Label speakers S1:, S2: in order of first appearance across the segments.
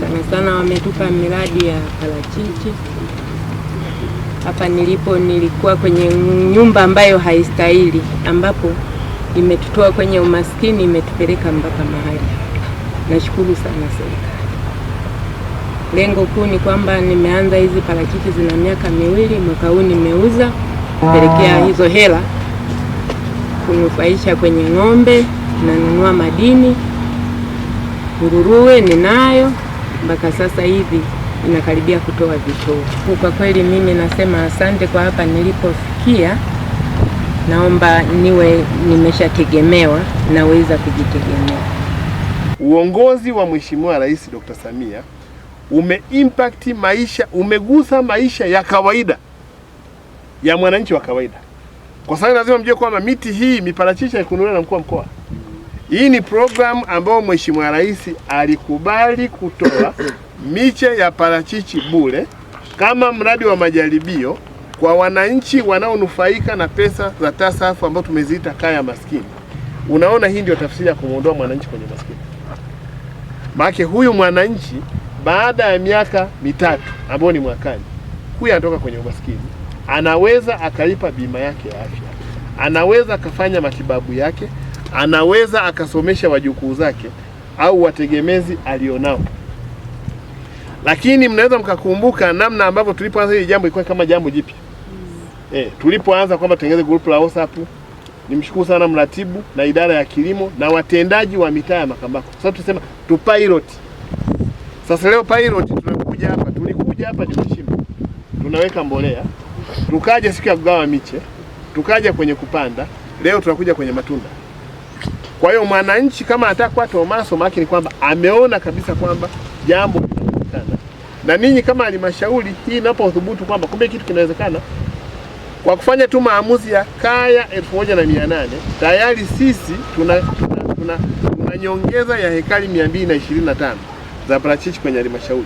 S1: Sana sana wametupa miradi ya parachichi. Hapa nilipo nilikuwa kwenye nyumba ambayo haistahili, ambapo imetutoa kwenye umaskini, imetupeleka mpaka mahali. Nashukuru sana serikali. Lengo kuu ni kwamba nimeanza hizi parachichi, zina miaka miwili, mwaka huu nimeuza kupelekea hizo hela kunufaisha kwenye ng'ombe, nanunua madini nguruwe ninayo mpaka sasa hivi inakaribia kutoa vitoo. Kwa kweli mimi nasema asante kwa hapa nilipofikia. Naomba niwe nimeshategemewa, naweza kujitegemea.
S2: Uongozi wa Mheshimiwa Rais Dr. Samia umeimpact maisha, umegusa maisha ya kawaida ya mwananchi wa kawaida, kwa sababu lazima mjue kwamba miti hii miparachichi haikununuliwa na mkuu wa mkoa hii ni programu ambayo Mheshimiwa Rais alikubali kutoa miche ya parachichi bure kama mradi wa majaribio kwa wananchi wanaonufaika na pesa za TASAF ambayo tumeziita kaya maskini. Unaona, hii ndio tafsiri ya kumwondoa mwananchi kwenye maskini. Maana huyu mwananchi baada ya miaka mitatu ambayo ni mwakani, huyu anatoka kwenye umaskini, anaweza akalipa bima yake ya afya, anaweza akafanya matibabu yake anaweza akasomesha wajukuu zake au wategemezi alionao. Lakini mnaweza mkakumbuka namna ambavyo tulipoanza hili jambo ilikuwa kama jambo jipya mm. E, tulipoanza kwamba tutengeneze group la WhatsApp. Nimshukuru sana mratibu na idara ya kilimo na watendaji wa mitaa ya Makambako. Sasa tusema tu pilot. Sasa leo pilot tunakuja hapa, tulikuja hapa nimeshima, tunaweka mbolea, tukaja siku ya kugawa miche, tukaja kwenye kupanda, leo tunakuja kwenye matunda. Kwa hiyo mwananchi kama anataka kuwa Tomaso, maana ni kwamba ameona kabisa kwamba jambo linawezekana, na ninyi kama halmashauri hii inapothubutu kwamba kumbe kitu kinawezekana kwa kufanya tu maamuzi ya kaya elfu moja na mia nane tayari sisi tuna, tuna, tuna, tuna nyongeza ya hekari 225 za parachichi kwenye halmashauri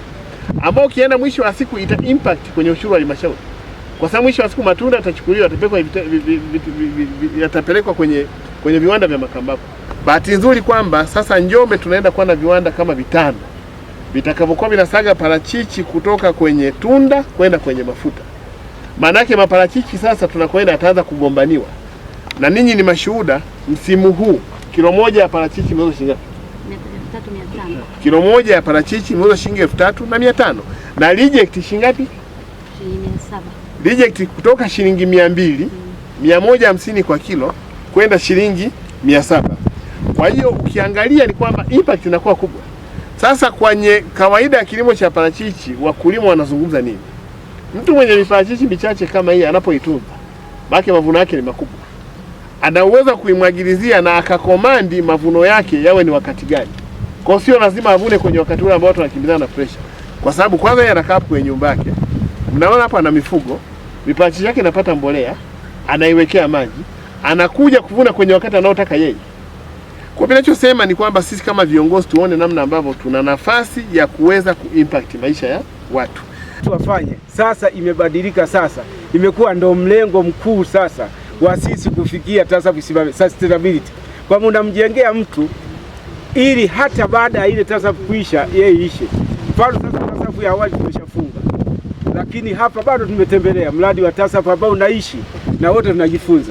S2: ambao ukienda mwisho wa siku ita impact kwenye ushuru wa halmashauri, kwa sababu mwisho wa siku matunda yatachukuliwa, yatapelekwa kwenye kwenye viwanda vya Makambako. Bahati nzuri kwamba sasa Njombe tunaenda kuwa na viwanda kama vitano vitakavyokuwa vinasaga parachichi kutoka kwenye tunda kwenda kwenye mafuta. Maanake maparachichi sasa tunakwenda ataanza kugombaniwa, na ninyi ni mashuhuda. Msimu huu kilo moja ya parachichi imeuza shilingi kilo moja ya parachichi imeuza shilingi elfu tatu na mia tano na reject shilingi ngapi? Reject kutoka shilingi mia mbili mia moja hamsini kwa kilo kwenda shilingi mia saba. Kwa hiyo ukiangalia ni kwamba impact inakuwa kubwa. Sasa kwenye kawaida ya kilimo cha parachichi wakulima wanazungumza nini? Mtu mwenye miparachichi michache kama hii anapoitunza, maana mavuno yake ni makubwa, ana uwezo kuimwagilizia na akakomandi mavuno yake yawe ni wakati gani. Kwa sio lazima avune kwenye wakati ule ambao watu na pressure, kwa sababu kwanza yeye anakaa kwenye nyumba yake. Mnaona hapa ana mifugo, miparachichi yake inapata mbolea, anaiwekea maji anakuja kuvuna kwenye wakati anaotaka yeye. Kwa hivyo ninachosema ni kwamba sisi kama viongozi tuone namna ambavyo tuna nafasi ya kuweza kuimpact maisha ya watu tuwafanye. Sasa imebadilika, sasa imekuwa ndo mlengo mkuu sasa wa sisi kufikia tasa sustainability, kwamba unamjengea mtu ili hata baada ya ile TASAF kuisha yeye ishe. Mfano sasa TASAF ya awali tumeshafunga, lakini hapa bado tumetembelea mradi wa TASAF ambao unaishi na wote tunajifunza.